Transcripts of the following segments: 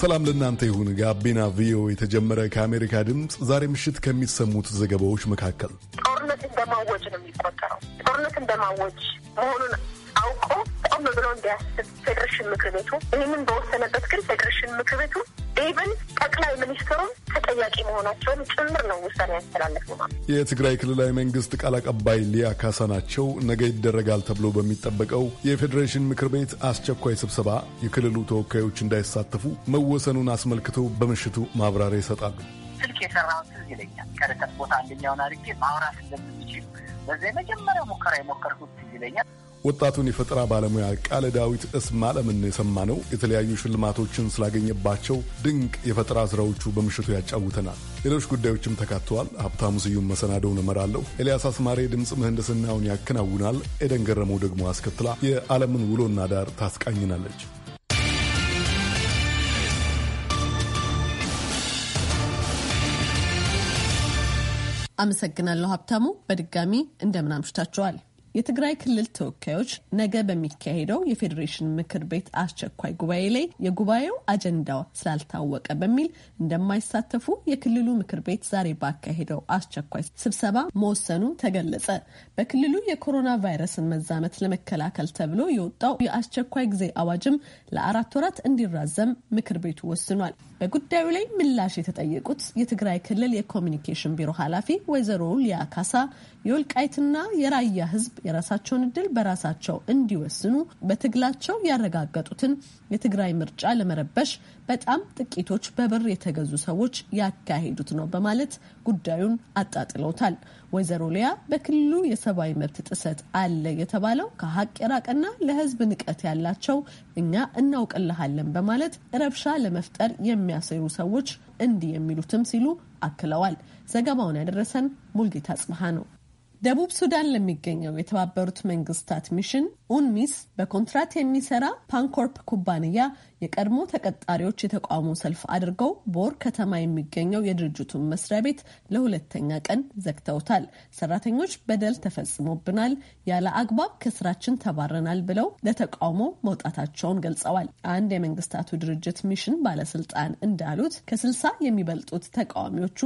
ሰላም ለእናንተ ይሁን። ጋቢና ቪኦኤ የተጀመረ ከአሜሪካ ድምፅ ዛሬ ምሽት ከሚሰሙት ዘገባዎች መካከል ጦርነት እንደማወጅ ነው የሚቆጠረው። ጦርነት እንደማወጅ መሆኑን ቆም ብሎ እንዲያስብ ፌዴሬሽን ምክር ቤቱ ይህንን በወሰነበት ግን ፌዴሬሽን ምክር ቤቱ ኢቨን ጠቅላይ ሚኒስትሩን ተጠያቂ መሆናቸውን ጭምር ነው ውሳኔ ያስተላለፉ። የትግራይ ክልላዊ መንግስት ቃል አቀባይ ሊያ ካሳ ናቸው። ነገ ይደረጋል ተብሎ በሚጠበቀው የፌዴሬሽን ምክር ቤት አስቸኳይ ስብሰባ የክልሉ ተወካዮች እንዳይሳተፉ መወሰኑን አስመልክቶ በምሽቱ ማብራሪያ ይሰጣሉ። ስልክ የሰራውን ስል ይለኛል ከርቀት ቦታ አንደኛውን አድርጌ ማውራት ስለምንችል በዚያ የመጀመሪያው ሙከራ የሞከርኩት ይለኛል ወጣቱን የፈጠራ ባለሙያ ቃለ ዳዊት ማለምን የሰማ ነው። የተለያዩ ሽልማቶችን ስላገኘባቸው ድንቅ የፈጠራ ስራዎቹ በምሽቱ ያጫውተናል። ሌሎች ጉዳዮችም ተካተዋል። ሀብታሙ ስዩም መሰናደውን እመራለሁ። ኤልያስ አስማሬ ድምፅ ምህንድስናውን ያከናውናል። ኤደን ገረመው ደግሞ አስከትላ የዓለምን ውሎና ዳር ታስቃኝናለች። አመሰግናለሁ ሀብታሙ። በድጋሚ እንደምን አምሽታችኋል? የትግራይ ክልል ተወካዮች ነገ በሚካሄደው የፌዴሬሽን ምክር ቤት አስቸኳይ ጉባኤ ላይ የጉባኤው አጀንዳ ስላልታወቀ በሚል እንደማይሳተፉ የክልሉ ምክር ቤት ዛሬ ባካሄደው አስቸኳይ ስብሰባ መወሰኑ ተገለጸ። በክልሉ የኮሮና ቫይረስን መዛመት ለመከላከል ተብሎ የወጣው የአስቸኳይ ጊዜ አዋጅም ለአራት ወራት እንዲራዘም ምክር ቤቱ ወስኗል። በጉዳዩ ላይ ምላሽ የተጠየቁት የትግራይ ክልል የኮሚኒኬሽን ቢሮ ኃላፊ ወይዘሮ ሊያ ካሳ የወልቃይትና የራያ ህዝብ የራሳቸውን እድል በራሳቸው እንዲወስኑ በትግላቸው ያረጋገጡትን የትግራይ ምርጫ ለመረበሽ በጣም ጥቂቶች በብር የተገዙ ሰዎች ያካሄዱት ነው በማለት ጉዳዩን አጣጥለውታል። ወይዘሮ ሊያ በክልሉ የሰብአዊ መብት ጥሰት አለ የተባለው ከሀቅ የራቀና ለሕዝብ ንቀት ያላቸው እኛ እናውቅልሃለን በማለት ረብሻ ለመፍጠር የሚያሰሩ ሰዎች እንዲህ የሚሉትም ሲሉ አክለዋል። ዘገባውን ያደረሰን ሙልጌታ ጽብሃ ነው። ደቡብ ሱዳን ለሚገኘው የተባበሩት መንግስታት ሚሽን ኡንሚስ በኮንትራት የሚሰራ ፓንኮርፕ ኩባንያ የቀድሞ ተቀጣሪዎች የተቃውሞ ሰልፍ አድርገው ቦር ከተማ የሚገኘው የድርጅቱን መስሪያ ቤት ለሁለተኛ ቀን ዘግተውታል። ሰራተኞች በደል ተፈጽሞብናል፣ ያለ አግባብ ከስራችን ተባረናል ብለው ለተቃውሞ መውጣታቸውን ገልጸዋል። አንድ የመንግስታቱ ድርጅት ሚሽን ባለስልጣን እንዳሉት ከስልሳ የሚበልጡት ተቃዋሚዎቹ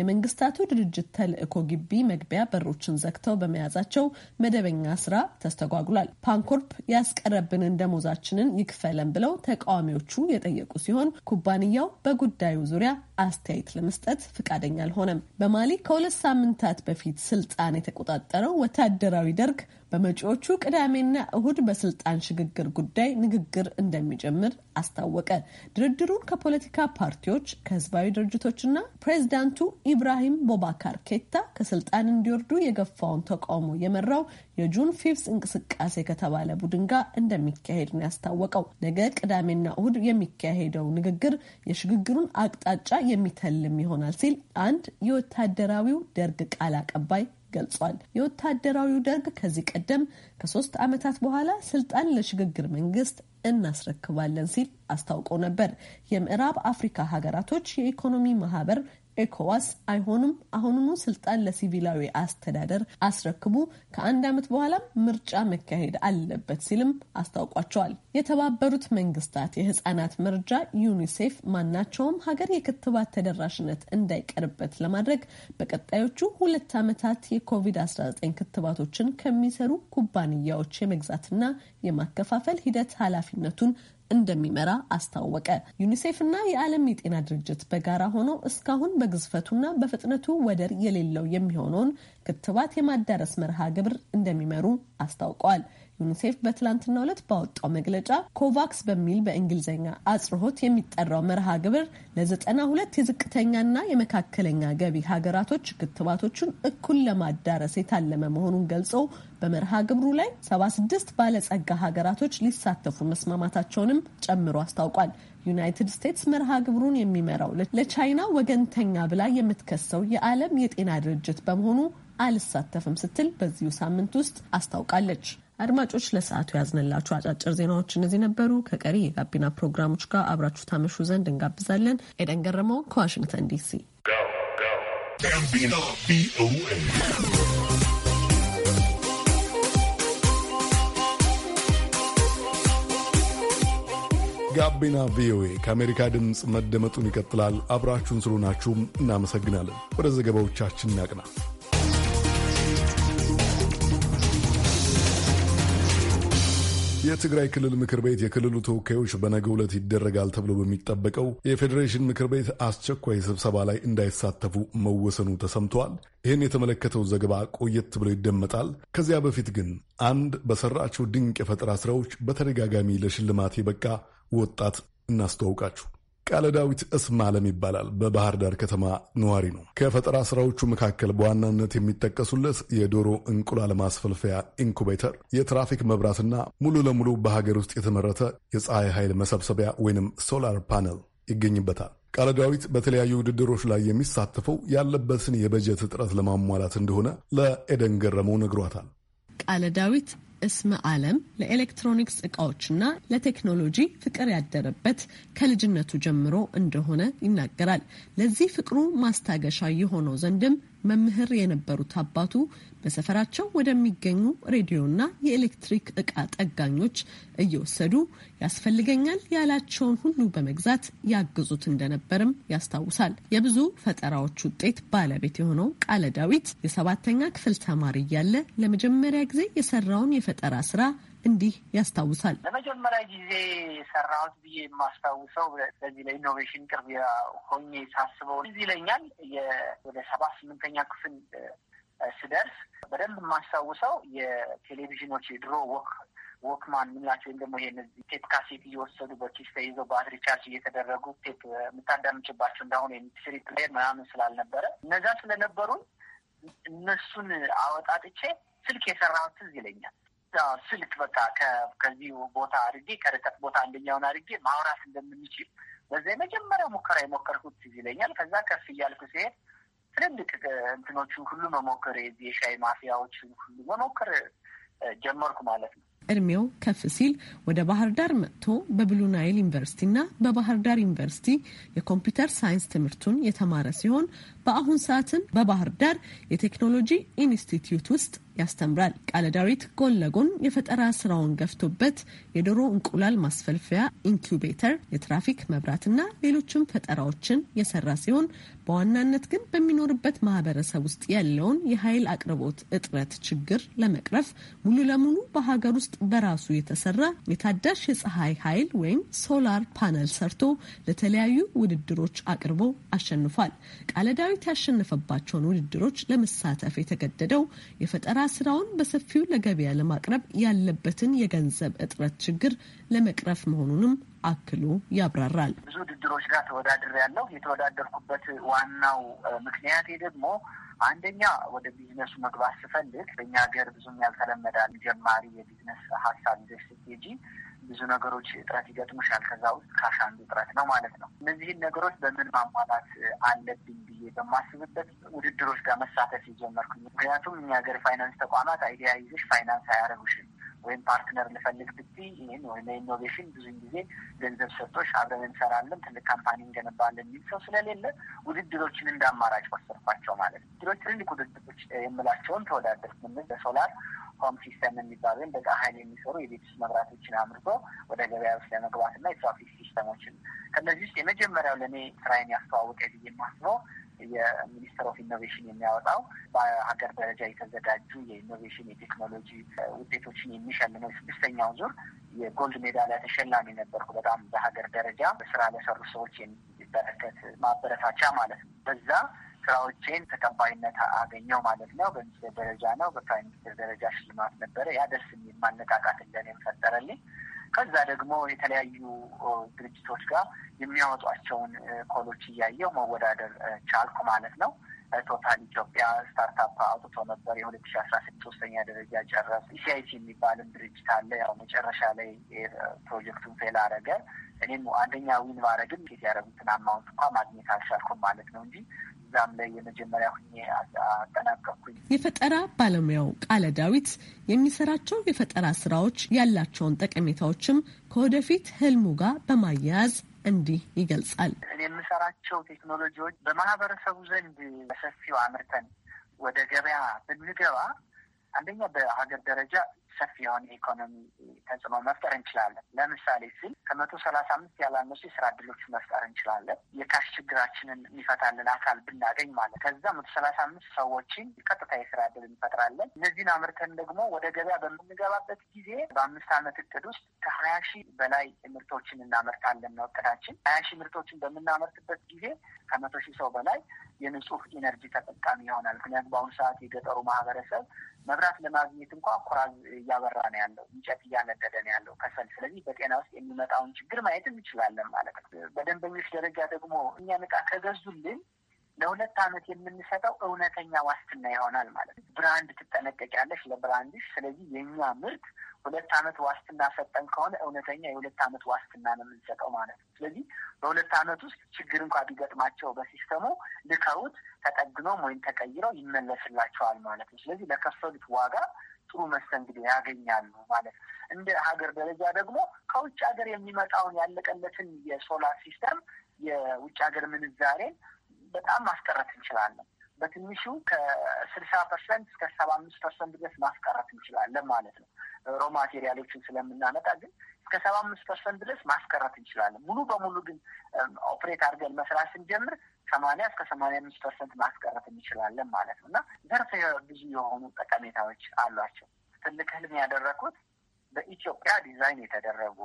የመንግስታቱ ድርጅት ተልእኮ ግቢ መግቢያ በሮችን ዘግተው በመያዛቸው መደበኛ ስራ ተስተጓጉሏል። ፓንኮርፕ ያስቀረብንን ደሞዛችንን ይክፈለን ብለው ተቃ ተቃዋሚዎቹ የጠየቁ ሲሆን ኩባንያው በጉዳዩ ዙሪያ አስተያየት ለመስጠት ፈቃደኛ አልሆነም። በማሊ ከሁለት ሳምንታት በፊት ስልጣን የተቆጣጠረው ወታደራዊ ደርግ በመጪዎቹ ቅዳሜና እሁድ በስልጣን ሽግግር ጉዳይ ንግግር እንደሚጀምር አስታወቀ። ድርድሩን ከፖለቲካ ፓርቲዎች፣ ከህዝባዊ ድርጅቶችና ፕሬዚዳንቱ ኢብራሂም ቦባካር ኬታ ከስልጣን እንዲወርዱ የገፋውን ተቃውሞ የመራው የጁን ፊፍስ እንቅስቃሴ ከተባለ ቡድን ጋር እንደሚካሄድ ነው ያስታወቀው። ነገ ቅዳሜና እሁድ የሚካሄደው ንግግር የሽግግሩን አቅጣጫ የሚተልም ይሆናል ሲል አንድ የወታደራዊው ደርግ ቃል አቀባይ ገልጿል። የወታደራዊው ደርግ ከዚህ ቀደም ከሶስት ዓመታት በኋላ ስልጣን ለሽግግር መንግስት እናስረክባለን ሲል አስታውቆ ነበር። የምዕራብ አፍሪካ ሀገራቶች የኢኮኖሚ ማህበር ኤኮዋስ አይሆኑም አሁኑኑ ስልጣን ለሲቪላዊ አስተዳደር አስረክቡ፣ ከአንድ ዓመት በኋላም ምርጫ መካሄድ አለበት ሲልም አስታውቋቸዋል። የተባበሩት መንግስታት የህጻናት መርጃ ዩኒሴፍ ማናቸውም ሀገር የክትባት ተደራሽነት እንዳይቀርበት ለማድረግ በቀጣዮቹ ሁለት ዓመታት የኮቪድ-19 ክትባቶችን ከሚሰሩ ኩባንያዎች የመግዛትና የማከፋፈል ሂደት ኃላፊነቱን እንደሚመራ አስታወቀ። ዩኒሴፍና የዓለም የጤና ድርጅት በጋራ ሆነው እስካሁን በግዝፈቱና በፍጥነቱ ወደር የሌለው የሚሆነውን ክትባት የማዳረስ መርሃ ግብር እንደሚመሩ አስታውቀዋል። ዩኒሴፍ በትላንትናው ዕለት ባወጣው መግለጫ ኮቫክስ በሚል በእንግሊዝኛ አጽርሆት የሚጠራው መርሃ ግብር ለዘጠና ሁለት የዝቅተኛና የመካከለኛ ገቢ ሀገራቶች ክትባቶቹን እኩል ለማዳረስ የታለመ መሆኑን ገልጾ በመርሃ ግብሩ ላይ 76 ባለጸጋ ሀገራቶች ሊሳተፉ መስማማታቸውንም ጨምሮ አስታውቋል። ዩናይትድ ስቴትስ መርሃ ግብሩን የሚመራው ለቻይና ወገንተኛ ብላ የምትከሰው የዓለም የጤና ድርጅት በመሆኑ አልሳተፍም ስትል በዚሁ ሳምንት ውስጥ አስታውቃለች። አድማጮች ለሰዓቱ ያዝንላችሁ አጫጭር ዜናዎች እነዚህ ነበሩ። ከቀሪ የጋቢና ፕሮግራሞች ጋር አብራችሁ ታመሹ ዘንድ እንጋብዛለን። ኤደን ገረመው ከዋሽንግተን ዲሲ ጋቢና ቪኦኤ ከአሜሪካ ድምፅ መደመጡን ይቀጥላል። አብራችሁን ስለሆናችሁም እናመሰግናለን። ወደ ዘገባዎቻችን እናቅና። የትግራይ ክልል ምክር ቤት የክልሉ ተወካዮች በነገ ዕለት ይደረጋል ተብሎ በሚጠበቀው የፌዴሬሽን ምክር ቤት አስቸኳይ ስብሰባ ላይ እንዳይሳተፉ መወሰኑ ተሰምተዋል። ይህን የተመለከተው ዘገባ ቆየት ብሎ ይደመጣል። ከዚያ በፊት ግን አንድ በሰራቸው ድንቅ የፈጠራ ስራዎች በተደጋጋሚ ለሽልማት የበቃ ወጣት እናስተዋውቃችሁ። ቃለ ዳዊት እስም ዓለም ይባላል። በባህር ዳር ከተማ ነዋሪ ነው። ከፈጠራ ስራዎቹ መካከል በዋናነት የሚጠቀሱለት የዶሮ እንቁላል ማስፈልፈያ ኢንኩቤተር፣ የትራፊክ መብራትና ሙሉ ለሙሉ በሀገር ውስጥ የተመረተ የፀሐይ ኃይል መሰብሰቢያ ወይንም ሶላር ፓነል ይገኝበታል። ቃለ ዳዊት በተለያዩ ውድድሮች ላይ የሚሳተፈው ያለበትን የበጀት እጥረት ለማሟላት እንደሆነ ለኤደን ገረመው ነግሯታል። ቃለ ዳዊት እስመ ዓለም ለኤሌክትሮኒክስ እቃዎችና ለቴክኖሎጂ ፍቅር ያደረበት ከልጅነቱ ጀምሮ እንደሆነ ይናገራል። ለዚህ ፍቅሩ ማስታገሻ የሆነው ዘንድም መምህር የነበሩት አባቱ በሰፈራቸው ወደሚገኙ ሬዲዮና የኤሌክትሪክ እቃ ጠጋኞች እየወሰዱ ያስፈልገኛል ያላቸውን ሁሉ በመግዛት ያግዙት እንደነበርም ያስታውሳል። የብዙ ፈጠራዎች ውጤት ባለቤት የሆነው ቃለ ዳዊት የሰባተኛ ክፍል ተማሪ እያለ ለመጀመሪያ ጊዜ የሰራውን የፈጠራ ስራ እንዲህ ያስታውሳል። ለመጀመሪያ ጊዜ የሰራሁት ብዬ የማስታውሰው በዚህ ለኢኖቬሽን ቅርብ ሆኜ ሳስበው እዚህ ይለኛል ወደ ሰባ ስምንተኛ ክፍል ስደርስ በደንብ የማስታውሰው የቴሌቪዥኖች የድሮ ወክ ወክማን የምንላቸው ወይም ደግሞ ይሄን ቴፕ ካሴት እየወሰዱ በኪስ ተይዘው ባትሪ ቻርጅ እየተደረጉ ቴፕ የምታዳምጭባቸው እንዳሁን የሚስሪ ፕሌየር ምናምን ስላልነበረ እነዛ ስለነበሩን እነሱን አወጣጥቼ ስልክ የሰራሁት ትዝ ይለኛል። ስልክ በቃ ከዚህ ቦታ አድርጌ ከርቀት ቦታ አንደኛውን አድርጌ ማውራት እንደምንችል በዛ የመጀመሪያው ሙከራ የሞከርኩት ትዝ ይለኛል። ከዛ ከፍ እያልኩ ሲሄድ ትልልቅ እንትኖቹን ሁሉ መሞከር የሻይ ማፊያዎችን ሁሉ መሞከር ጀመርኩ ማለት ነው። እድሜው ከፍ ሲል ወደ ባህር ዳር መጥቶ በብሉ ናይል ዩኒቨርሲቲና በባህር ዳር ዩኒቨርሲቲ የኮምፒውተር ሳይንስ ትምህርቱን የተማረ ሲሆን በአሁን ሰዓትም በባህር ዳር የቴክኖሎጂ ኢንስቲትዩት ውስጥ ያስተምራል። ቃለ ዳዊት ጎን ለጎን የፈጠራ ስራውን ገፍቶበት የዶሮ እንቁላል ማስፈልፈያ ኢንኩቤተር፣ የትራፊክ መብራትና ሌሎችም ፈጠራዎችን የሰራ ሲሆን በዋናነት ግን በሚኖርበት ማህበረሰብ ውስጥ ያለውን የኃይል አቅርቦት እጥረት ችግር ለመቅረፍ ሙሉ ለሙሉ በሀገር ውስጥ በራሱ የተሰራ የታዳሽ የፀሐይ ኃይል ወይም ሶላር ፓነል ሰርቶ ለተለያዩ ውድድሮች አቅርቦ አሸንፏል። ቃለ ዳዊት ሰራዊት ያሸነፈባቸውን ውድድሮች ለመሳተፍ የተገደደው የፈጠራ ስራውን በሰፊው ለገበያ ለማቅረብ ያለበትን የገንዘብ እጥረት ችግር ለመቅረፍ መሆኑንም አክሎ ያብራራል። ብዙ ውድድሮች ጋር ተወዳድር ያለው የተወዳደርኩበት ዋናው ምክንያቴ ደግሞ አንደኛ ወደ ቢዝነሱ መግባት ስፈልግ በእኛ ሀገር ብዙም ያልተለመዳል። ጀማሪ የቢዝነስ ሀሳብ ይዘሽ ስትሄጂ ብዙ ነገሮች እጥረት ይገጥሙሻል። ከዛ ውስጥ ካሽ አንዱ እጥረት ነው ማለት ነው። እነዚህን ነገሮች በምን ማሟላት አለብኝ ብዬ በማስብበት ውድድሮች ጋር መሳተፍ የጀመርኩኝ። ምክንያቱም እኛ ሀገር ፋይናንስ ተቋማት አይዲያ ይዘሽ ፋይናንስ አያደርጉሽም ወይም ፓርትነር ልፈልግ ብትይ ይህን ወይም ለኢኖቬሽን ብዙን ጊዜ ገንዘብ ሰጥቶች አብረን እንሰራለን፣ ትልቅ ካምፓኒ እንገነባለን የሚል ሰው ስለሌለ ውድድሮችን እንደ አማራጭ ወሰድኳቸው ማለት ነው። ውድድሮች ትልልቅ ውድድሮች የምላቸውን ተወዳደርኩ። ምን በሶላር ሆም ሲስተም የሚባሉ ወይም በፀሐይ ላይ የሚሰሩ የቤት ውስጥ መብራቶችን አምርቶ ወደ ገበያ ውስጥ ለመግባት እና የትራፊክ ሲስተሞችን ከእነዚህ ውስጥ የመጀመሪያው ለእኔ ስራዬን ያስተዋወቀ ብዬ የማስበው የሚኒስትር ኦፍ ኢኖቬሽን የሚያወጣው በሀገር ደረጃ የተዘጋጁ የኢኖቬሽን የቴክኖሎጂ ውጤቶችን የሚሸልመው ስድስተኛው ዙር የጎልድ ሜዳሊያ ተሸላሚ ነበርኩ። በጣም በሀገር ደረጃ ስራ ለሰሩ ሰዎች የሚበረከት ማበረታቻ ማለት ነው። በዛ ስራዎቼን ተቀባይነት አገኘው ማለት ነው። በሚኒስቴር ደረጃ ነው፣ በፕራይም ሚኒስትር ደረጃ ሽልማት ነበረ። ያ ደስ የሚል ማነቃቃት እንደኔም ፈጠረልኝ። ከዛ ደግሞ የተለያዩ ድርጅቶች ጋር የሚያወጧቸውን ኮሎች እያየው መወዳደር ቻልኩ ማለት ነው። ቶታል ኢትዮጵያ ስታርታፕ አውጥቶ ነበር። የሁለት ሺ አስራ ስድስት ሶስተኛ ደረጃ ጨረስ ኢሲአይሲ የሚባልም ድርጅት አለ። ያው መጨረሻ ላይ ፕሮጀክቱን ፌል አረገ። እኔም አንደኛ ዊን ባረግም ጌት ያደረጉትን አማውንት እንኳ ማግኘት አልቻልኩም ማለት ነው እንጂ እዛም ላይ የመጀመሪያ ሁኜ አጠናቀኩኝ። የፈጠራ ባለሙያው ቃለ ዳዊት የሚሰራቸው የፈጠራ ስራዎች ያላቸውን ጠቀሜታዎችም ከወደፊት ህልሙ ጋር በማያያዝ እንዲህ ይገልጻል። እኔ የምሰራቸው ቴክኖሎጂዎች በማህበረሰቡ ዘንድ በሰፊው አምርተን ወደ ገበያ ብንገባ አንደኛ በሀገር ደረጃ ሰፊ የሆነ የኢኮኖሚ ተጽዕኖ መፍጠር እንችላለን። ለምሳሌ ሲል ከመቶ ሰላሳ አምስት ያላነሱ የስራ እድሎች መፍጠር እንችላለን። የካሽ ችግራችንን የሚፈታልን አካል ብናገኝ ማለት ከዛ መቶ ሰላሳ አምስት ሰዎችን ቀጥታ የስራ እድል እንፈጥራለን። እነዚህን አምርተን ደግሞ ወደ ገበያ በምንገባበት ጊዜ በአምስት ዓመት እቅድ ውስጥ ከሀያ ሺህ በላይ ምርቶችን እናመርታለን ነው እቅዳችን። ሀያ ሺህ ምርቶችን በምናመርትበት ጊዜ ከመቶ ሺህ ሰው በላይ የንጹህ ኢነርጂ ተጠቃሚ ይሆናል። ምክንያቱም በአሁኑ ሰዓት የገጠሩ ማህበረሰብ መብራት ለማግኘት እንኳ ኩራዝ እያበራ ነው ያለው፣ እንጨት እያነደደ ነው ያለው ከሰል። ስለዚህ በጤና ውስጥ የሚመጣውን ችግር ማየት እንችላለን ማለት ነው። በደንበኞች ደረጃ ደግሞ እኛን ዕቃ ከገዙልን ለሁለት ዓመት የምንሰጠው እውነተኛ ዋስትና ይሆናል ማለት ነው። ብራንድ ትጠነቀቂያለሽ ለብራንድሽ። ስለዚህ የእኛ ምርት ሁለት አመት ዋስትና ሰጠን ከሆነ እውነተኛ የሁለት አመት ዋስትና ነው የምንሰጠው ማለት ነው። ስለዚህ በሁለት አመት ውስጥ ችግር እንኳ ቢገጥማቸው በሲስተሙ ልከውት ተጠግኖም ወይም ተቀይረው ይመለስላቸዋል ማለት ነው። ስለዚህ ለከፈሉት ዋጋ ጥሩ መስተንግዶ ያገኛሉ ማለት ነው። እንደ ሀገር ደረጃ ደግሞ ከውጭ ሀገር የሚመጣውን ያለቀለትን የሶላር ሲስተም የውጭ ሀገር ምንዛሬን በጣም ማስቀረት እንችላለን። በትንሹ ከስልሳ ፐርሰንት እስከ ሰባ አምስት ፐርሰንት ድረስ ማስቀረት እንችላለን ማለት ነው። ሮ ማቴሪያሎችን ስለምናመጣ ግን እስከ ሰባ አምስት ፐርሰንት ድረስ ማስቀረት እንችላለን። ሙሉ በሙሉ ግን ኦፕሬት አድርገን መስራት ስንጀምር ሰማንያ እስከ ሰማንያ አምስት ፐርሰንት ማስቀረት እንችላለን ማለት ነው እና ዘርፈ ብዙ የሆኑ ጠቀሜታዎች አሏቸው። ትልቅ ህልም ያደረኩት በኢትዮጵያ ዲዛይን የተደረጉ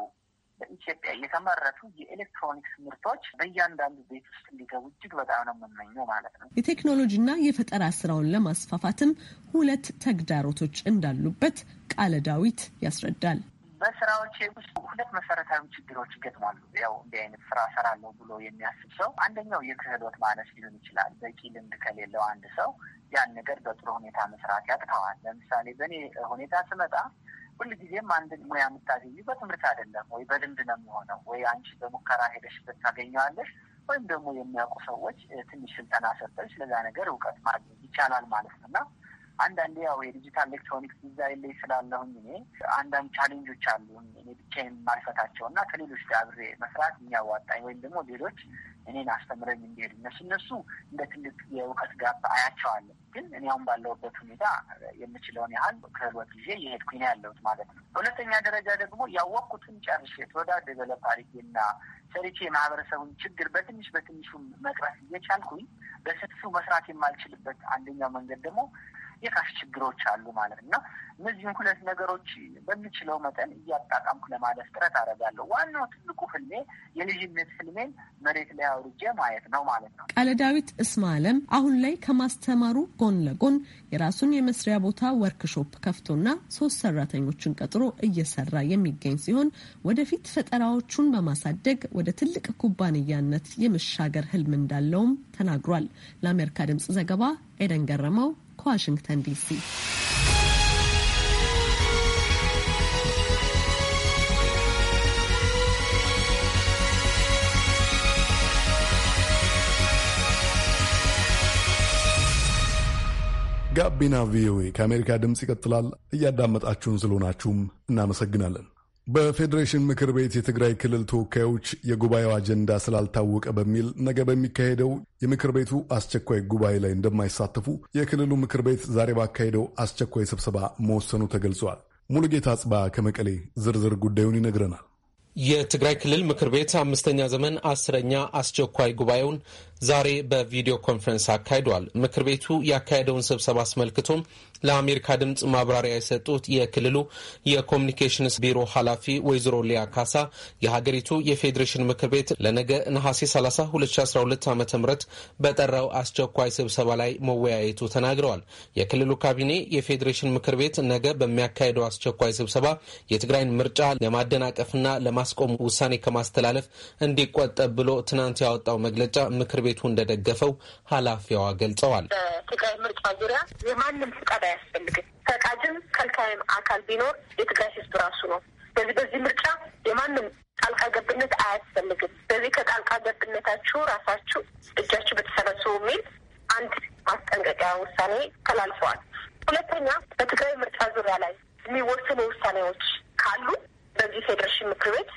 በኢትዮጵያ የተመረቱ የኤሌክትሮኒክስ ምርቶች በእያንዳንዱ ቤት ውስጥ እንዲገቡ እጅግ በጣም ነው የምመኘው ማለት ነው። የቴክኖሎጂና የፈጠራ ስራውን ለማስፋፋትም ሁለት ተግዳሮቶች እንዳሉበት ቃለ ዳዊት ያስረዳል። በስራዎች ውስጥ ሁለት መሰረታዊ ችግሮች ይገጥማሉ። ያው እንዲህ አይነት ስራ ሰራለሁ ብሎ የሚያስብ ሰው አንደኛው የክህሎት ማነስ ሊሆን ይችላል። በቂ ልምድ ከሌለው አንድ ሰው ያን ነገር በጥሩ ሁኔታ መስራት ያቅተዋል። ለምሳሌ በእኔ ሁኔታ ስመጣ ሁልጊዜም አንድን ሙያ የምታገኙ በትምህርት አይደለም ወይ በልምድ ነው የሚሆነው ወይ አንቺ በሙከራ ሄደሽ ታገኘዋለሽ ወይም ደግሞ የሚያውቁ ሰዎች ትንሽ ስልጠና ሰጠች ስለዛ ነገር እውቀት ማግኘት ይቻላል ማለት ነው እና አንዳንዴ ያው የዲጂታል ኤሌክትሮኒክስ ዲዛይን ላይ ስላለሁኝ እኔ አንዳንድ ቻሌንጆች አሉ እኔ ብቻዬን ማልፈታቸው እና ከሌሎች ጋር አብሬ መስራት የሚያዋጣኝ ወይም ደግሞ ሌሎች እኔን አስተምረኝ እንዲሄድ እነሱ እነሱ እንደ ትልቅ የእውቀት ጋፕ አያቸዋለን። ግን እኔ አሁን ባለውበት ሁኔታ የምችለውን ያህል ክህሎት ጊዜ የሄድኩኝ ያለሁት ማለት ነው። በሁለተኛ ደረጃ ደግሞ ያወቅኩትን ጨርሼ ተወዳደ በለፓሪና ሰሪቼ የማህበረሰቡን ችግር በትንሽ በትንሹ መቅረፍ እየቻልኩኝ በሰፊው መስራት የማልችልበት አንደኛው መንገድ ደግሞ የካሽ ችግሮች አሉ ማለት ነው። እነዚህም ሁለት ነገሮች በምችለው መጠን እያጣጣምኩ ለማለፍ ጥረት አደርጋለሁ። ዋናው ትልቁ ህልሜ የልጅነት ህልሜን መሬት ላይ አውርጄ ማየት ነው ማለት ነው። ቃለ ዳዊት እስማ አለም አሁን ላይ ከማስተማሩ ጎን ለጎን የራሱን የመስሪያ ቦታ ወርክሾፕ ከፍቶና ሶስት ሰራተኞችን ቀጥሮ እየሰራ የሚገኝ ሲሆን ወደፊት ፈጠራዎቹን በማሳደግ ወደ ትልቅ ኩባንያነት የመሻገር ህልም እንዳለውም ተናግሯል። ለአሜሪካ ድምጽ ዘገባ ኤደን ገረመው ከዋሽንግተን ዲሲ ጋቢና ቪኦኤ ከአሜሪካ ድምፅ ይቀጥላል። እያዳመጣችሁን ስለሆናችሁም እናመሰግናለን። በፌዴሬሽን ምክር ቤት የትግራይ ክልል ተወካዮች የጉባኤው አጀንዳ ስላልታወቀ በሚል ነገ በሚካሄደው የምክር ቤቱ አስቸኳይ ጉባኤ ላይ እንደማይሳተፉ የክልሉ ምክር ቤት ዛሬ ባካሄደው አስቸኳይ ስብሰባ መወሰኑ ተገልጿል። ሙሉጌታ አጽባ ከመቀሌ ዝርዝር ጉዳዩን ይነግረናል። የትግራይ ክልል ምክር ቤት አምስተኛ ዘመን አስረኛ አስቸኳይ ጉባኤውን ዛሬ በቪዲዮ ኮንፈረንስ አካሂዷል። ምክር ቤቱ ያካሄደውን ስብሰባ አስመልክቶም ለአሜሪካ ድምፅ ማብራሪያ የሰጡት የክልሉ የኮሚኒኬሽንስ ቢሮ ኃላፊ ወይዘሮ ሊያ ካሳ የሀገሪቱ የፌዴሬሽን ምክር ቤት ለነገ ነሐሴ 30 2012 ዓ ም በጠራው አስቸኳይ ስብሰባ ላይ መወያየቱ ተናግረዋል። የክልሉ ካቢኔ የፌዴሬሽን ምክር ቤት ነገ በሚያካሄደው አስቸኳይ ስብሰባ የትግራይን ምርጫ ለማደናቀፍና ለማስቆም ውሳኔ ከማስተላለፍ እንዲቆጠብ ብሎ ትናንት ያወጣው መግለጫ ምክር ቤት ቤቱ እንደደገፈው ኃላፊዋ ገልጸዋል። በትግራይ ምርጫ ዙሪያ የማንም ፍቃድ አያስፈልግም። ፈቃጅም ከልካይም አካል ቢኖር የትግራይ ህዝብ ራሱ ነው። በዚህ በዚህ ምርጫ የማንም ጣልቃ ገብነት አያስፈልግም። በዚህ ከጣልቃ ገብነታችሁ ራሳችሁ እጃችሁ በተሰበሰቡ የሚል አንድ ማስጠንቀቂያ ውሳኔ ተላልፈዋል። ሁለተኛ በትግራይ ምርጫ ዙሪያ ላይ የሚወሰኑ ውሳኔዎች ካሉ በዚህ ፌዴሬሽን ምክር ቤት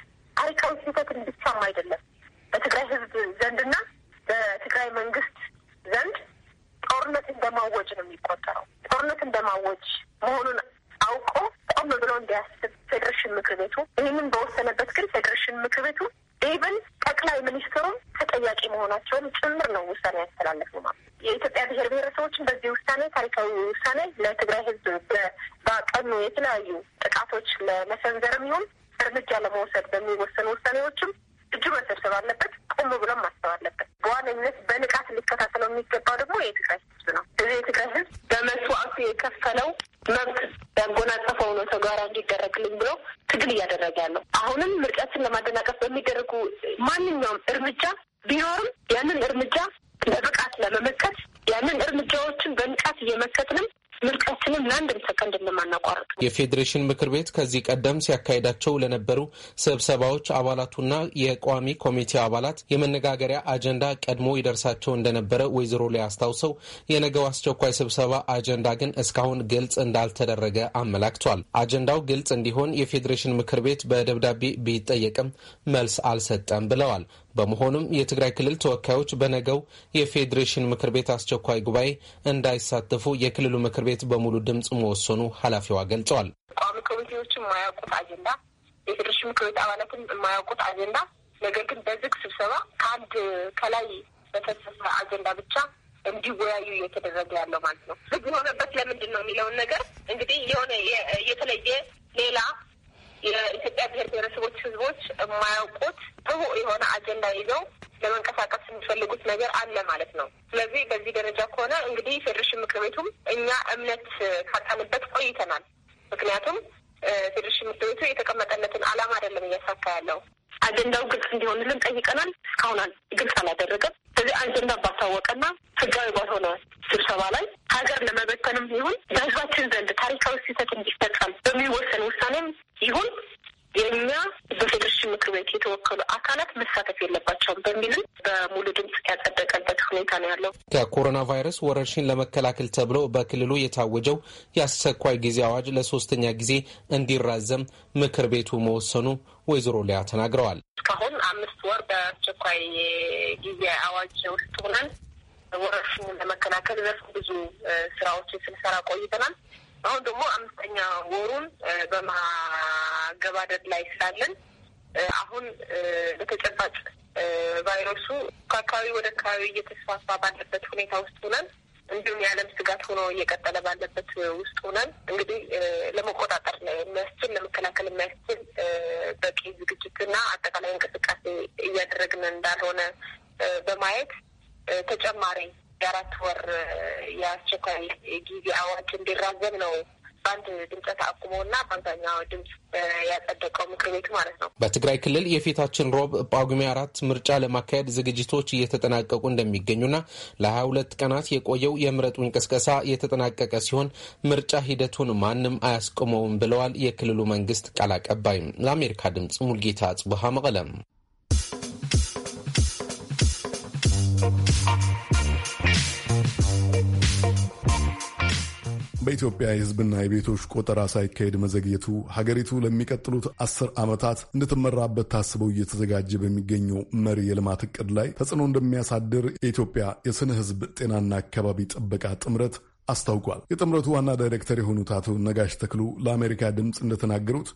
ትግል እያደረገ ያለው አሁንም ምርጫችን ለማደናቀፍ በሚደረጉ ማንኛውም እርምጃ ቢኖርም ያንን እርምጃ በብቃት ለመመከት ያንን እርምጃዎችን በንቃት እየመከትንም ምርጫችንን ለአንድም ሰከንድ እንደማናቋርጥ የፌዴሬሽን ምክር ቤት ከዚህ ቀደም ሲያካሄዳቸው ለነበሩ ስብሰባዎች አባላቱና የቋሚ ኮሚቴ አባላት የመነጋገሪያ አጀንዳ ቀድሞ ይደርሳቸው እንደነበረ ወይዘሮ ላይ አስታውሰው የነገው አስቸኳይ ስብሰባ አጀንዳ ግን እስካሁን ግልጽ እንዳልተደረገ አመላክቷል። አጀንዳው ግልጽ እንዲሆን የፌዴሬሽን ምክር ቤት በደብዳቤ ቢጠየቅም መልስ አልሰጠም ብለዋል። በመሆኑም የትግራይ ክልል ተወካዮች በነገው የፌዴሬሽን ምክር ቤት አስቸኳይ ጉባኤ እንዳይሳተፉ የክልሉ ምክር ቤት በሙሉ ድምፅ መወሰኑ ኃላፊዋ ገልጸዋል። ቋሚ ኮሚቴዎችም የማያውቁት አጀንዳ፣ የፌዴሬሽን ምክር ቤት አባላትም የማያውቁት አጀንዳ ነገር ግን በዝግ ስብሰባ ከአንድ ከላይ በተሰፈ አጀንዳ ብቻ እንዲወያዩ እየተደረገ ያለው ማለት ነው። ዝግ የሆነበት ለምንድን ነው የሚለውን ነገር እንግዲህ የሆነ የተለየ ሌላ የኢትዮጵያ ብሔር ብሔረሰቦች ህዝቦች የማያውቁት ይዘው የሆነ አጀንዳ ይዘው ለመንቀሳቀስ የሚፈልጉት ነገር አለ ማለት ነው። ስለዚህ በዚህ ደረጃ ከሆነ እንግዲህ ፌዴሬሽን ምክር ቤቱም እኛ እምነት ካጣንበት ቆይተናል። ምክንያቱም ፌዴሬሽን ምክር ቤቱ የተቀመጠለትን ዓላማ አይደለም እያሳካ ያለው። አጀንዳው ግልጽ እንዲሆንልን ጠይቀናል። እስካሁን ግልጽ አላደረገም። ስለዚህ አጀንዳ ባልታወቀና ህጋዊ ባልሆነ ስብሰባ ላይ ሀገር ለመበተንም ይሁን በህዝባችን ዘንድ ታሪካዊ ስህተት እንዲፈጸም በሚወሰን ውሳኔም ይሁን የእኛ በፌዴሬሽን ምክር ቤት የተወከሉ አካላት መሳተፍ የለባቸውም በሚልም በሙሉ ድምፅ ያጸደቀበት ሁኔታ ነው ያለው። ከኮሮና ቫይረስ ወረርሽኝ ለመከላከል ተብሎ በክልሉ የታወጀው የአስቸኳይ ጊዜ አዋጅ ለሶስተኛ ጊዜ እንዲራዘም ምክር ቤቱ መወሰኑ ወይዘሮ ሊያ ተናግረዋል። እስካሁን አምስት ወር በአስቸኳይ ጊዜ አዋጅ ውስጥ ሆነን ወረርሽኙን ለመከላከል ዘርፍ ብዙ ስራዎችን ስንሰራ ቆይተናል። አሁን ደግሞ አምስተኛ ወሩን በማ አገባደድ ላይ ስላለን አሁን በተጨባጭ ቫይረሱ ከአካባቢ ወደ አካባቢ እየተስፋፋ ባለበት ሁኔታ ውስጥ ሆነን እንዲሁም የዓለም ስጋት ሆኖ እየቀጠለ ባለበት ውስጥ ሆነን እንግዲህ ለመቆጣጠር የሚያስችል ለመከላከል የሚያስችል በቂ ዝግጅትና አጠቃላይ እንቅስቃሴ እያደረግን እንዳልሆነ በማየት ተጨማሪ የአራት ወር የአስቸኳይ ጊዜ አዋጅ እንዲራዘም ነው በአንድ ድምጸት አቁሞ እና በአብዛኛው ድምጽ ያጸደቀው ምክር ቤቱ ማለት ነው። በትግራይ ክልል የፊታችን ሮብ ጳጉሜ አራት ምርጫ ለማካሄድ ዝግጅቶች እየተጠናቀቁ እንደሚገኙና ለሀያ ሁለት ቀናት የቆየው የምረጡን እንቅስቀሳ የተጠናቀቀ ሲሆን ምርጫ ሂደቱን ማንም አያስቆመውም ብለዋል የክልሉ መንግስት ቃል አቀባይ። ለአሜሪካ ድምጽ ሙልጌታ ጽቡሃ መቀለም በኢትዮጵያ የሕዝብና የቤቶች ቆጠራ ሳይካሄድ መዘግየቱ ሀገሪቱ ለሚቀጥሉት አስር ዓመታት እንድትመራበት ታስበው እየተዘጋጀ በሚገኘው መሪ የልማት እቅድ ላይ ተጽዕኖ እንደሚያሳድር የኢትዮጵያ የስነ ሕዝብ ጤናና አካባቢ ጥበቃ ጥምረት አስታውቋል። የጥምረቱ ዋና ዳይሬክተር የሆኑት አቶ ነጋሽ ተክሉ ለአሜሪካ ድምፅ እንደተናገሩት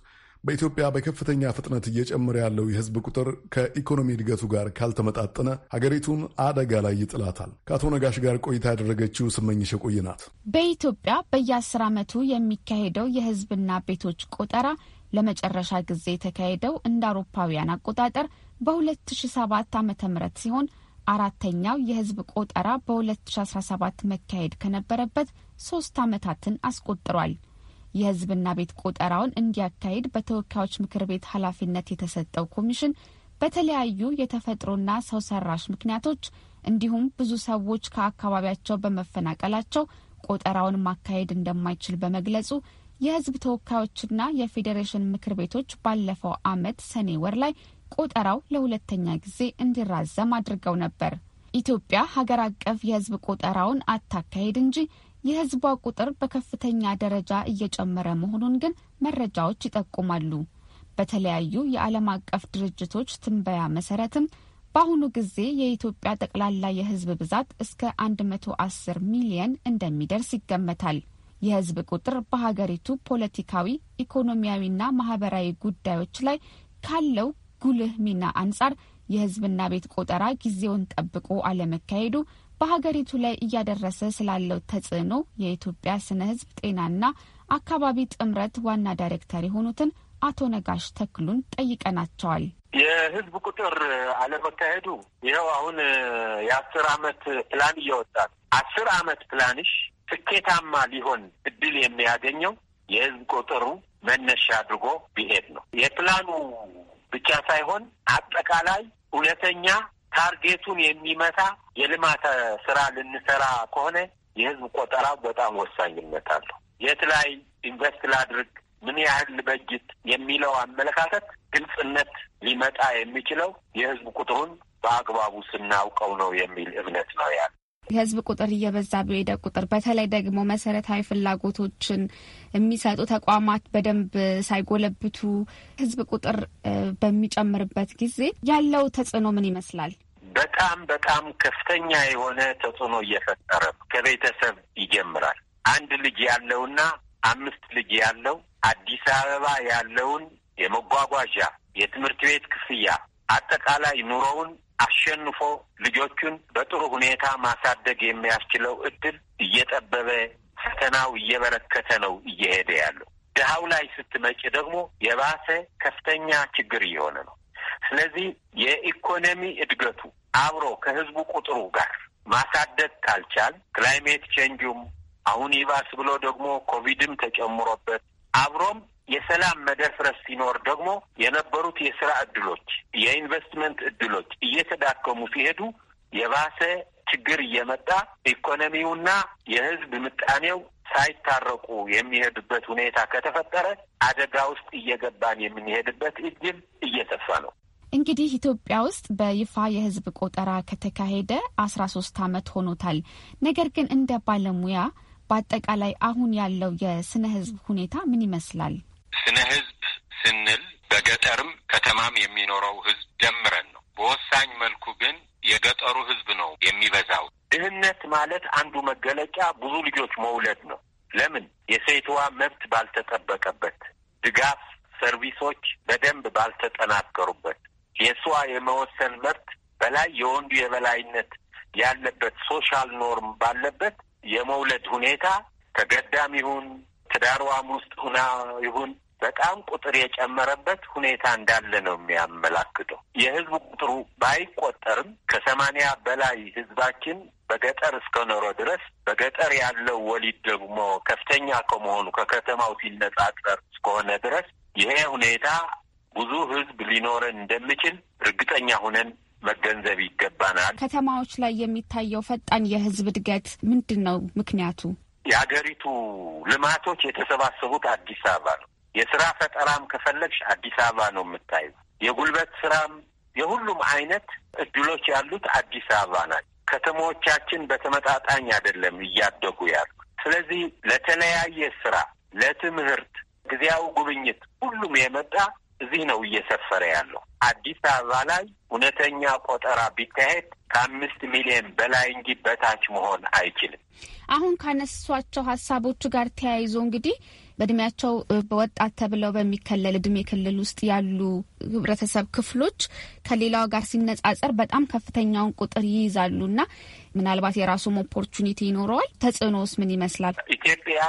በኢትዮጵያ በከፍተኛ ፍጥነት እየጨመረ ያለው የህዝብ ቁጥር ከኢኮኖሚ እድገቱ ጋር ካልተመጣጠነ ሀገሪቱን አደጋ ላይ ይጥላታል። ከአቶ ነጋሽ ጋር ቆይታ ያደረገችው ስመኝሽ የቆየ ናት። በኢትዮጵያ በየአስር ዓመቱ የሚካሄደው የህዝብና ቤቶች ቆጠራ ለመጨረሻ ጊዜ የተካሄደው እንደ አውሮፓውያን አቆጣጠር በ2007 ዓ ም ሲሆን አራተኛው የህዝብ ቆጠራ በ2017 መካሄድ ከነበረበት ሶስት ዓመታትን አስቆጥሯል። የህዝብና ቤት ቆጠራውን እንዲያካሂድ በተወካዮች ምክር ቤት ኃላፊነት የተሰጠው ኮሚሽን በተለያዩ የተፈጥሮና ሰው ሰራሽ ምክንያቶች እንዲሁም ብዙ ሰዎች ከአካባቢያቸው በመፈናቀላቸው ቆጠራውን ማካሄድ እንደማይችል በመግለጹ የህዝብ ተወካዮችና የፌዴሬሽን ምክር ቤቶች ባለፈው አመት ሰኔ ወር ላይ ቆጠራው ለሁለተኛ ጊዜ እንዲራዘም አድርገው ነበር። ኢትዮጵያ ሀገር አቀፍ የህዝብ ቆጠራውን አታካሄድ እንጂ የህዝቧ ቁጥር በከፍተኛ ደረጃ እየጨመረ መሆኑን ግን መረጃዎች ይጠቁማሉ። በተለያዩ የዓለም አቀፍ ድርጅቶች ትንበያ መሰረትም በአሁኑ ጊዜ የኢትዮጵያ ጠቅላላ የህዝብ ብዛት እስከ 110 ሚሊየን እንደሚደርስ ይገመታል። የህዝብ ቁጥር በሀገሪቱ ፖለቲካዊ፣ ኢኮኖሚያዊና ማህበራዊ ጉዳዮች ላይ ካለው ጉልህ ሚና አንጻር የህዝብና ቤት ቆጠራ ጊዜውን ጠብቆ አለመካሄዱ በሀገሪቱ ላይ እያደረሰ ስላለው ተጽዕኖ የኢትዮጵያ ስነ ህዝብ ጤናና አካባቢ ጥምረት ዋና ዳይሬክተር የሆኑትን አቶ ነጋሽ ተክሉን ጠይቀናቸዋል። የህዝብ ቁጥር አለመካሄዱ ይኸው አሁን የአስር አመት ፕላን እየወጣል። አስር አመት ፕላንሽ ስኬታማ ሊሆን እድል የሚያገኘው የህዝብ ቁጥሩ መነሻ አድርጎ ቢሄድ ነው። የፕላኑ ብቻ ሳይሆን አጠቃላይ እውነተኛ ታርጌቱን የሚመታ የልማት ስራ ልንሰራ ከሆነ የህዝብ ቆጠራ በጣም ወሳኝነት አለው። የት ላይ ኢንቨስት ላድርግ፣ ምን ያህል ልበጅት የሚለው አመለካከት ግልጽነት ሊመጣ የሚችለው የህዝብ ቁጥሩን በአግባቡ ስናውቀው ነው የሚል እምነት ነው ያለ። የህዝብ ቁጥር እየበዛ በሄደ ቁጥር በተለይ ደግሞ መሰረታዊ ፍላጎቶችን የሚሰጡ ተቋማት በደንብ ሳይጎለብቱ ህዝብ ቁጥር በሚጨምርበት ጊዜ ያለው ተጽዕኖ ምን ይመስላል? በጣም በጣም ከፍተኛ የሆነ ተጽዕኖ እየፈጠረ ነው። ከቤተሰብ ይጀምራል። አንድ ልጅ ያለውና አምስት ልጅ ያለው አዲስ አበባ ያለውን የመጓጓዣ የትምህርት ቤት ክፍያ አጠቃላይ ኑሮውን አሸንፎ ልጆቹን በጥሩ ሁኔታ ማሳደግ የሚያስችለው እድል እየጠበበ ፈተናው እየበረከተ ነው እየሄደ ያለው። ድሀው ላይ ስትመጪ ደግሞ የባሰ ከፍተኛ ችግር እየሆነ ነው። ስለዚህ የኢኮኖሚ እድገቱ አብሮ ከህዝቡ ቁጥሩ ጋር ማሳደግ ካልቻል ክላይሜት ቼንጁም አሁን ይባስ ብሎ ደግሞ ኮቪድም ተጨምሮበት አብሮም የሰላም መደፍረስ ሲኖር ደግሞ የነበሩት የስራ እድሎች፣ የኢንቨስትመንት እድሎች እየተዳከሙ ሲሄዱ የባሰ ችግር እየመጣ ኢኮኖሚውና የህዝብ ምጣኔው ሳይታረቁ የሚሄድበት ሁኔታ ከተፈጠረ አደጋ ውስጥ እየገባን የምንሄድበት እድል እየሰፋ ነው። እንግዲህ ኢትዮጵያ ውስጥ በይፋ የህዝብ ቆጠራ ከተካሄደ አስራ ሶስት አመት ሆኖታል። ነገር ግን እንደ ባለሙያ በአጠቃላይ አሁን ያለው የስነ ህዝብ ሁኔታ ምን ይመስላል? ስነ ህዝብ ስንል በገጠርም ከተማም የሚኖረው ህዝብ ደምረን ነው። በወሳኝ መልኩ ግን የገጠሩ ህዝብ ነው የሚበዛው። ድህነት ማለት አንዱ መገለጫ ብዙ ልጆች መውለድ ነው። ለምን የሴትዋ መብት ባልተጠበቀበት፣ ድጋፍ ሰርቪሶች በደንብ ባልተጠናከሩበት፣ የእሷ የመወሰን መብት በላይ የወንዱ የበላይነት ያለበት ሶሻል ኖርም ባለበት የመውለድ ሁኔታ ተገዳም ይሁን ትዳሯም ውስጥ ሁና ይሁን በጣም ቁጥር የጨመረበት ሁኔታ እንዳለ ነው የሚያመላክተው። የህዝብ ቁጥሩ ባይቆጠርም ከሰማንያ በላይ ህዝባችን በገጠር እስከ ኖሮ ድረስ በገጠር ያለው ወሊድ ደግሞ ከፍተኛ ከመሆኑ ከከተማው ሲነጻጸር እስከሆነ ድረስ ይሄ ሁኔታ ብዙ ህዝብ ሊኖረን እንደሚችል እርግጠኛ ሁነን መገንዘብ ይገባናል። ከተማዎች ላይ የሚታየው ፈጣን የህዝብ እድገት ምንድን ነው ምክንያቱ? የአገሪቱ ልማቶች የተሰባሰቡት አዲስ አበባ ነው። የስራ ፈጠራም ከፈለግሽ አዲስ አበባ ነው የምታዩ። የጉልበት ስራም የሁሉም አይነት እድሎች ያሉት አዲስ አበባ ናት። ከተሞቻችን በተመጣጣኝ አይደለም እያደጉ ያሉ። ስለዚህ ለተለያየ ስራ፣ ለትምህርት፣ ጊዜያዊ ጉብኝት ሁሉም የመጣ እዚህ ነው እየሰፈረ ያለው። አዲስ አበባ ላይ እውነተኛ ቆጠራ ቢካሄድ ከአምስት ሚሊዮን በላይ እንጂ በታች መሆን አይችልም። አሁን ካነሷቸው ሀሳቦች ጋር ተያይዞ እንግዲህ በእድሜያቸው በወጣት ተብለው በሚከለል እድሜ ክልል ውስጥ ያሉ ህብረተሰብ ክፍሎች ከሌላው ጋር ሲነጻጸር በጣም ከፍተኛውን ቁጥር ይይዛሉ እና ምናልባት የራሱም ኦፖርቹኒቲ ይኖረዋል። ተጽዕኖስ ምን ይመስላል? ኢትዮጵያ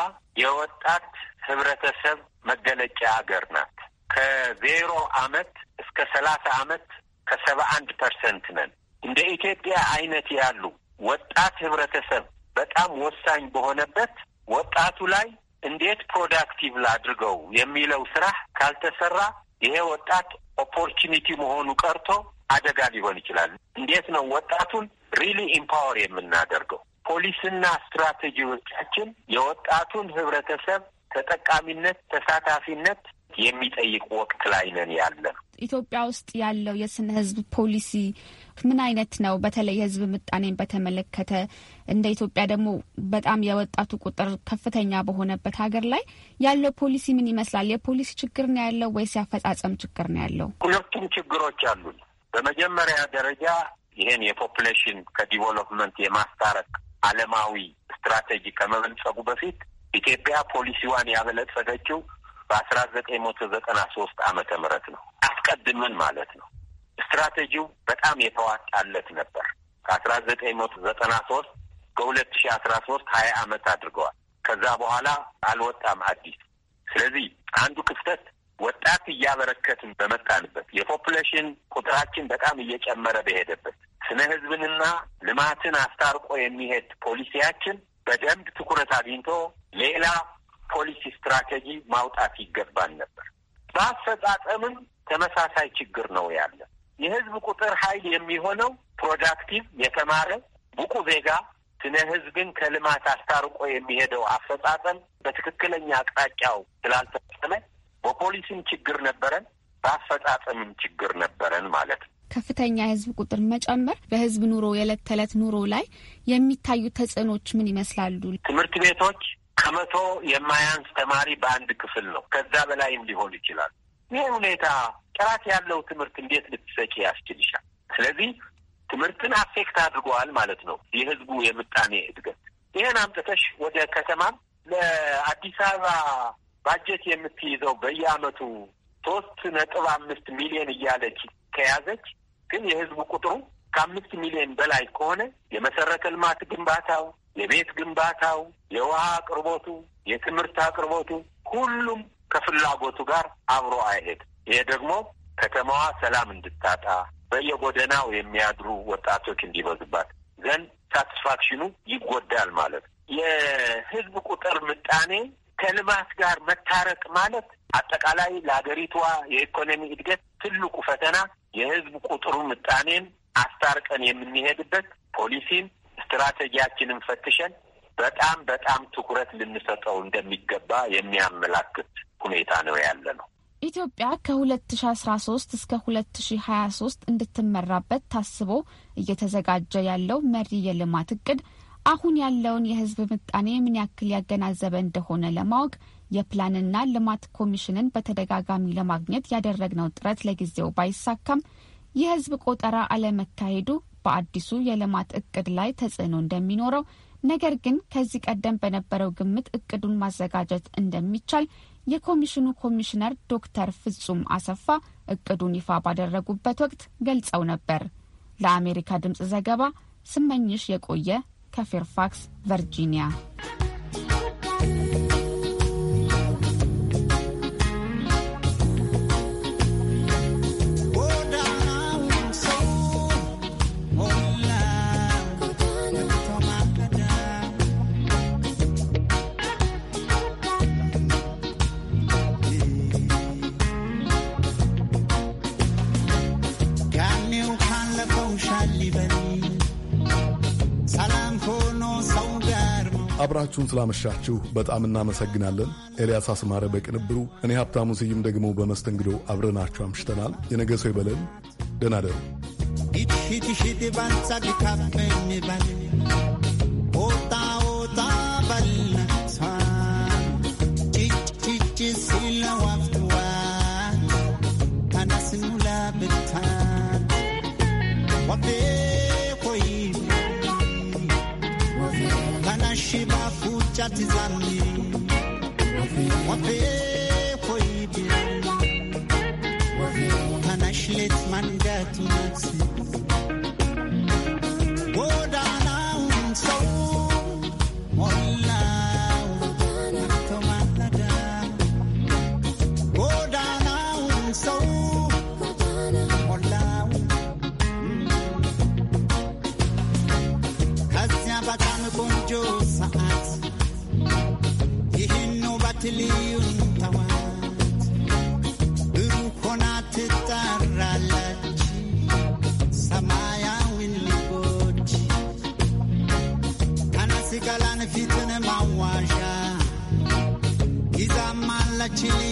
የወጣት ህብረተሰብ መገለጫ ሀገር ናት። ከዜሮ አመት እስከ ሰላሳ አመት ከሰባ አንድ ፐርሰንት ነን። እንደ ኢትዮጵያ አይነት ያሉ ወጣት ህብረተሰብ በጣም ወሳኝ በሆነበት ወጣቱ ላይ እንዴት ፕሮዳክቲቭ ላድርገው የሚለው ስራ ካልተሰራ ይሄ ወጣት ኦፖርቹኒቲ መሆኑ ቀርቶ አደጋ ሊሆን ይችላል። እንዴት ነው ወጣቱን ሪሊ ኢምፓወር የምናደርገው? ፖሊስና ስትራቴጂዎቻችን የወጣቱን ህብረተሰብ ተጠቃሚነት፣ ተሳታፊነት የሚጠይቅ ወቅት ላይ ነን ያለ ኢትዮጵያ ውስጥ ያለው የስነ ህዝብ ፖሊሲ ምን አይነት ነው? በተለይ የህዝብ ምጣኔን በተመለከተ እንደ ኢትዮጵያ ደግሞ በጣም የወጣቱ ቁጥር ከፍተኛ በሆነበት ሀገር ላይ ያለው ፖሊሲ ምን ይመስላል? የፖሊሲ ችግር ነው ያለው ወይስ ያፈጻጸም ችግር ነው ያለው? ሁለቱም ችግሮች አሉን። በመጀመሪያ ደረጃ ይሄን የፖፕሌሽን ከዲቨሎፕመንት የማስታረቅ አለማዊ ስትራቴጂ ከመበልጸጉ በፊት ኢትዮጵያ ፖሊሲዋን ያበለጸገችው በአስራ ዘጠኝ መቶ ዘጠና ሶስት ዓመተ ምህረት ነው። አስቀድምን ማለት ነው። ስትራቴጂው በጣም የተዋጣለት ነበር። ከአስራ ዘጠኝ መቶ ዘጠና ሶስት ከሁለት ሺ አስራ ሶስት ሀያ አመት አድርገዋል። ከዛ በኋላ አልወጣም አዲስ። ስለዚህ አንዱ ክፍተት ወጣት እያበረከትን በመጣንበት የፖፑሌሽን ቁጥራችን በጣም እየጨመረ በሄደበት ስነ ህዝብንና ልማትን አስታርቆ የሚሄድ ፖሊሲያችን በደንብ ትኩረት አግኝቶ ሌላ ፖሊሲ ስትራቴጂ ማውጣት ይገባን ነበር። በአፈጻጸምም ተመሳሳይ ችግር ነው ያለ። የህዝብ ቁጥር ኃይል የሚሆነው ፕሮዳክቲቭ የተማረ ብቁ ዜጋ ስነ ህዝብን ከልማት አስታርቆ የሚሄደው አፈጻጸም በትክክለኛ አቅጣጫው ስላልተፈጸመ በፖሊሲም ችግር ነበረን፣ በአፈጻጸምም ችግር ነበረን ማለት ነው። ከፍተኛ የህዝብ ቁጥር መጨመር በህዝብ ኑሮ የዕለት ተዕለት ኑሮ ላይ የሚታዩ ተጽዕኖች ምን ይመስላሉ? ትምህርት ቤቶች ከመቶ የማያንስ ተማሪ በአንድ ክፍል ነው። ከዛ በላይም ሊሆን ይችላል። ይህ ሁኔታ ጥራት ያለው ትምህርት እንዴት ልትሰጪ ያስችልሻል? ስለዚህ ትምህርትን አፌክት አድርገዋል ማለት ነው የህዝቡ የምጣኔ እድገት። ይህን አምጥተሽ ወደ ከተማም ለአዲስ አበባ ባጀት የምትይዘው በየአመቱ ሶስት ነጥብ አምስት ሚሊዮን እያለች ከያዘች ግን የህዝቡ ቁጥሩ ከአምስት ሚሊዮን በላይ ከሆነ የመሰረተ ልማት ግንባታው፣ የቤት ግንባታው፣ የውሃ አቅርቦቱ፣ የትምህርት አቅርቦቱ ሁሉም ከፍላጎቱ ጋር አብሮ አይሄድ። ይሄ ደግሞ ከተማዋ ሰላም እንድታጣ በየጎደናው የሚያድሩ ወጣቶች እንዲበዙባት ዘንድ ሳትስፋክሽኑ ይጎዳል ማለት ነው። የህዝብ ቁጥር ምጣኔ ከልማት ጋር መታረቅ ማለት አጠቃላይ ለሀገሪቷ የኢኮኖሚ እድገት ትልቁ ፈተና የህዝብ ቁጥሩ ምጣኔን አስታርቀን የምንሄድበት ፖሊሲን ስትራቴጂያችንን ፈትሸን በጣም በጣም ትኩረት ልንሰጠው እንደሚገባ የሚያመላክት ሁኔታ ነው ያለ ነው። ኢትዮጵያ ከ2013 እስከ 2023 እንድትመራበት ታስቦ እየተዘጋጀ ያለው መሪ የልማት እቅድ አሁን ያለውን የሕዝብ ምጣኔ ምን ያክል ያገናዘበ እንደሆነ ለማወቅ የፕላንና ልማት ኮሚሽንን በተደጋጋሚ ለማግኘት ያደረግነው ጥረት ለጊዜው ባይሳካም የሕዝብ ቆጠራ አለመካሄዱ በአዲሱ የልማት እቅድ ላይ ተጽዕኖ እንደሚኖረው ነገር ግን ከዚህ ቀደም በነበረው ግምት እቅዱን ማዘጋጀት እንደሚቻል የኮሚሽኑ ኮሚሽነር ዶክተር ፍጹም አሰፋ እቅዱን ይፋ ባደረጉበት ወቅት ገልጸው ነበር። ለአሜሪካ ድምፅ ዘገባ ስመኝሽ የቆየ ከፌርፋክስ ቨርጂኒያ አብራችሁን ስላመሻችሁ በጣም እናመሰግናለን። ኤልያስ አስማረ በቅንብሩ፣ እኔ ሀብታሙ ስይም ደግሞ በመስተንግዶ አብረናችሁ አምሽተናል። የነገ ሰው ይበለን። ደህና ደሩ። What wanashiba fuchati zambi wapehoibi wanashilet mandatinaksi teach.